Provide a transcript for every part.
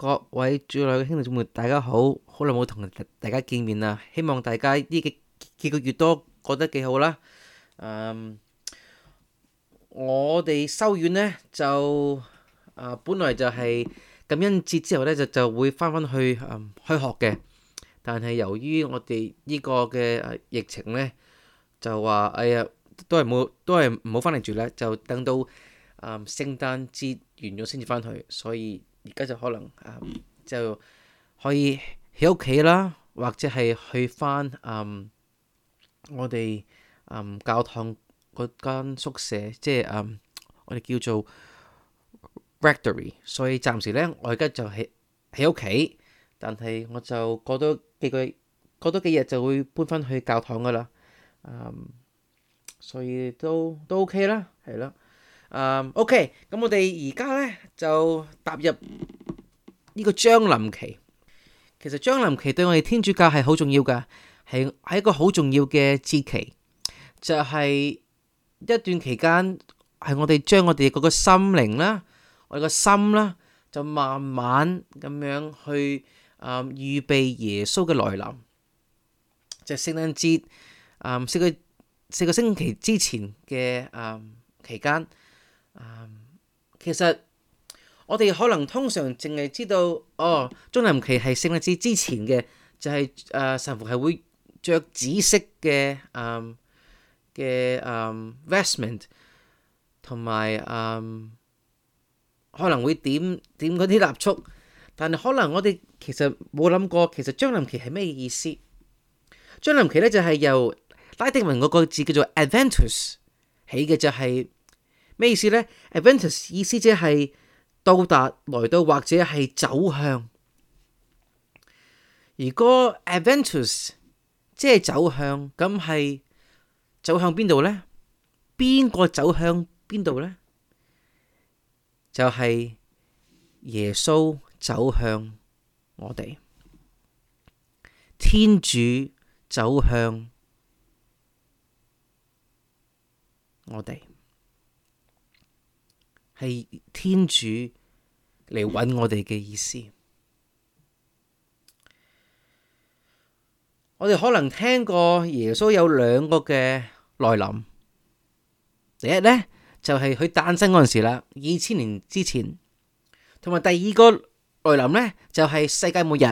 各位主內嘅兄弟姊妹，大家好！好耐冇同大家見面啦，希望大家呢幾幾個月多過得幾好啦。嗯，我哋修院呢就啊，本來就係感恩節之後呢就就會翻翻去嗯開學嘅，但係由於我哋呢個嘅疫情呢就話哎呀都係冇都係唔好翻嚟住啦，就等到嗯聖誕節完咗先至翻去，所以而家就可能啊、嗯，就可以喺屋企啦，或者係去翻嗯，我哋嗯教堂間宿舍，即係嗯我哋叫做 rectory。所以暫時咧，我而家就喺喺屋企，但係我就過多幾個過多幾日就會搬翻去教堂噶啦。嗯，所以都都 OK 啦，係啦。誒，OK，咁我哋而家咧就踏入呢個將臨期。其實將臨期對我哋天主教係好重要嘅，係係一個好重要嘅節期，就係一段期間，係我哋將我哋嗰個心靈啦，我哋個心啦，就慢慢咁樣去誒預備耶穌嘅來臨，就聖誕節誒四個四個星期之前嘅誒期間。嗯，um, 其實我哋可能通常淨係知道，哦，將臨期係聖誕節之前嘅，就係、是呃、神父係會着紫色嘅誒嘅、嗯、誒、嗯、vestment，同埋誒、嗯、可能會點點嗰啲蠟燭，但係可能我哋其實冇諗過，其實將臨期係咩意思？將臨期呢就係、是、由拉丁文嗰個字叫做 adventus 起嘅，就係、是。咩意思呢？Adventus 意思即係到達、來到或者係走向，如果 o Adventus 即係走向，咁係走向邊度呢？邊個走向邊度呢？就係、是、耶穌走向我哋，天主走向我哋。係天主嚟搵我哋嘅意思。我哋可能聽過耶穌有兩個嘅來臨。第一呢，就係佢誕生嗰陣時啦，二千年之前。同埋第二個來臨呢，就係世界末日。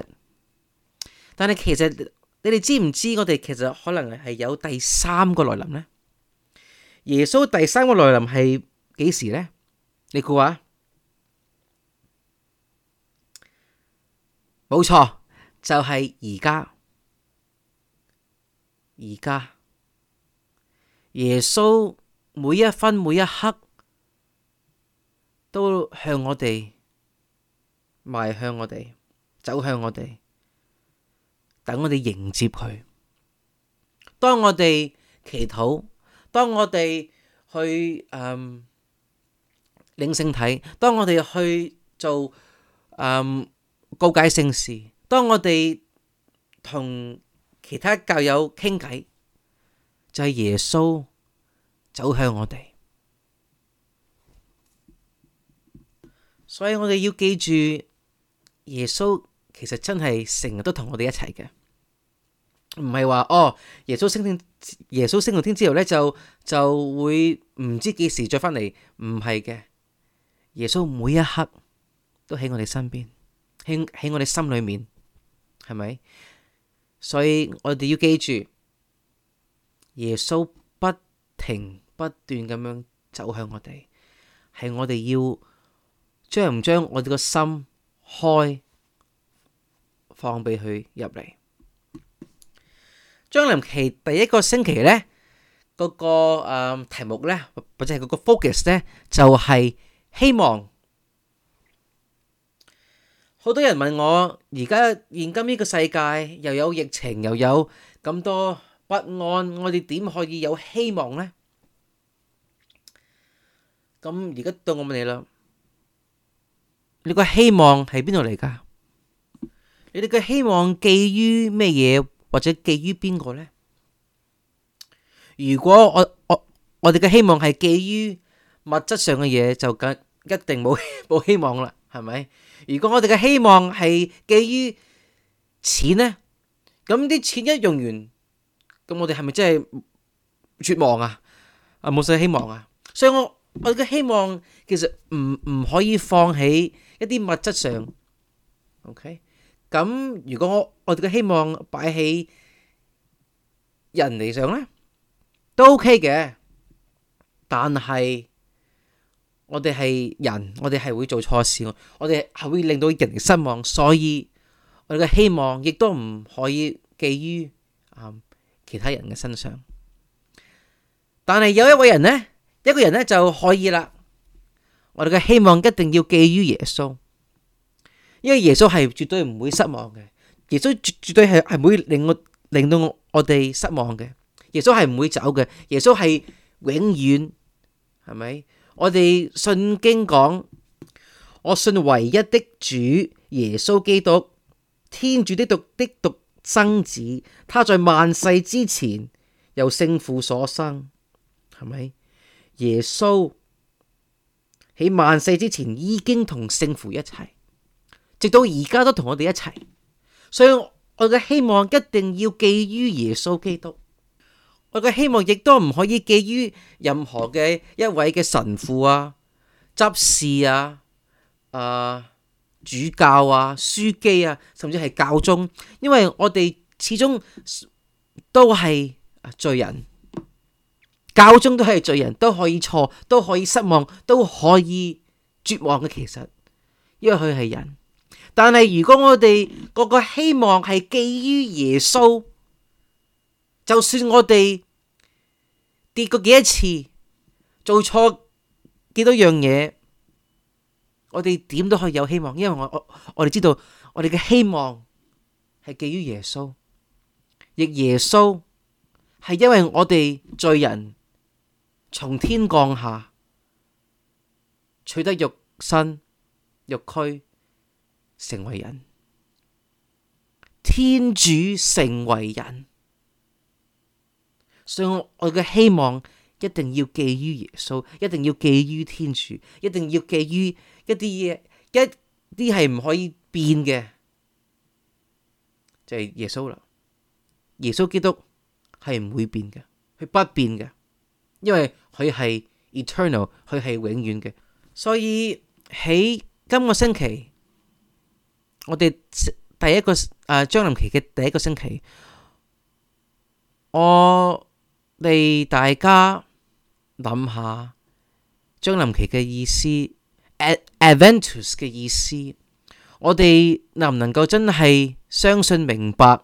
但係其實你哋知唔知我哋其實可能係有第三個來臨呢？耶穌第三個來臨係幾時呢？你估下？冇錯，就係而家，而家耶穌每一分每一刻都向我哋邁向我哋，走向我哋，等我哋迎接佢。當我哋祈禱，當我哋去嗯。領聖體，當我哋去做、嗯、告解聖事，當我哋同其他教友傾偈，就係、是、耶穌走向我哋。所以我哋要記住，耶穌其實真係成日都同我哋一齊嘅，唔係話哦耶穌升天，耶穌升咗天之後呢，就就會唔知幾時再翻嚟，唔係嘅。耶穌每一刻都喺我哋身邊，喺喺我哋心裏面，係咪？所以我哋要記住耶穌不停不斷咁樣走向我哋，係我哋要將唔將我哋個心開放俾佢入嚟。將臨期第一個星期呢，嗰個誒題目呢，或者係嗰個 focus 呢，就係。希望好多人問我：「而家現，現今呢個世界又有疫情又有咁多不安，我哋點可以有希望呢？」咁而家到我問你啦，你個希望喺邊度嚟噶？你哋嘅希望寄於咩嘢或者寄於邊個呢？如果我我哋嘅希望係寄於物質上嘅嘢，就一定冇冇希望啦，係咪？如果我哋嘅希望係寄於錢咧，咁啲錢一用完，咁我哋係咪真係絕望啊？啊，冇晒希望啊！所以我我哋嘅希望其實唔唔可以放喺一啲物質上。OK，咁如果我我哋嘅希望擺喺人嚟上咧，都 OK 嘅，但係，我哋係人，我哋係會做錯事，我哋係會令到人失望，所以我哋嘅希望亦都唔可以寄於其他人嘅身上。但係有一位人呢，一個人呢就可以啦。我哋嘅希望一定要寄於耶穌，因為耶穌係絕對唔會失望嘅，耶穌絕絕對係係唔會令我令到我我哋失望嘅。耶穌係唔會走嘅，耶穌係永遠，係咪？我哋信經講，我信唯一的主耶穌基督，天主的獨的獨生子，他在萬世之前由聖父所生，係咪？耶穌喺萬世之前已經同聖父一齊，直到而家都同我哋一齊，所以我嘅希望一定要寄於耶穌基督。個希望亦都唔可以寄於任何嘅一位嘅神父啊、執事啊、啊、呃、主教啊、樞機啊，甚至係教宗，因為我哋始終都係罪人，教宗都係罪人，都可以錯，都可以失望，都可以絕望嘅。其實，因為佢係人。但係如果我哋個個希望係寄於耶穌，就算我哋。跌過幾多次，做錯幾多樣嘢，我哋點都可以有希望，因為我我哋知道我哋嘅希望係寄於耶穌，亦耶穌係因為我哋罪人從天降下，取得肉身肉軀成為人，天主成為人。所以我我嘅希望一定要寄於耶穌，一定要寄於天主，一定要寄於一啲嘢，一啲係唔可以變嘅，就係耶穌啦。耶穌基督係唔會變嘅，佢不變嘅，因為佢係 eternal，佢係永遠嘅。所以喺今個星期，我哋第一個誒將臨期嘅第一個星期，我。嚟，大家諗下將臨期嘅意思，adventus 嘅意思，我哋能唔能夠真係相信明白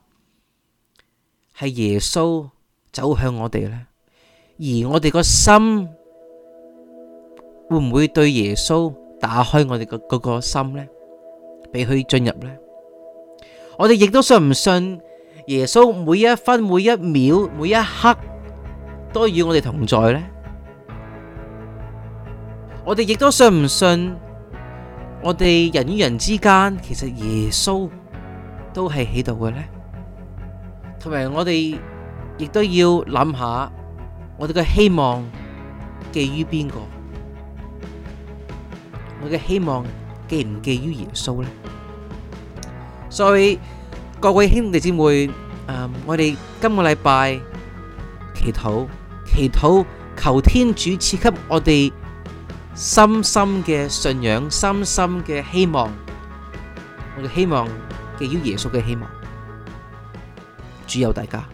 係耶穌走向我哋呢？而我哋個心會唔會對耶穌打開我哋嘅嗰個心呢？俾佢進入呢？我哋亦都信唔信耶穌每一分、每一秒、每一刻？多與我哋同在呢，我哋亦都信唔信我哋人與人之間，其實耶穌都係喺度嘅呢。同埋，我哋亦都要諗下，我哋嘅希望寄於邊個？我嘅希望寄唔寄於耶穌呢？所以各位兄弟姊妹，誒，我哋今個禮拜祈禱。祈禱求天主賜給我哋深深嘅信仰，深深嘅希望。我哋希望寄於耶穌嘅希望。主佑大家。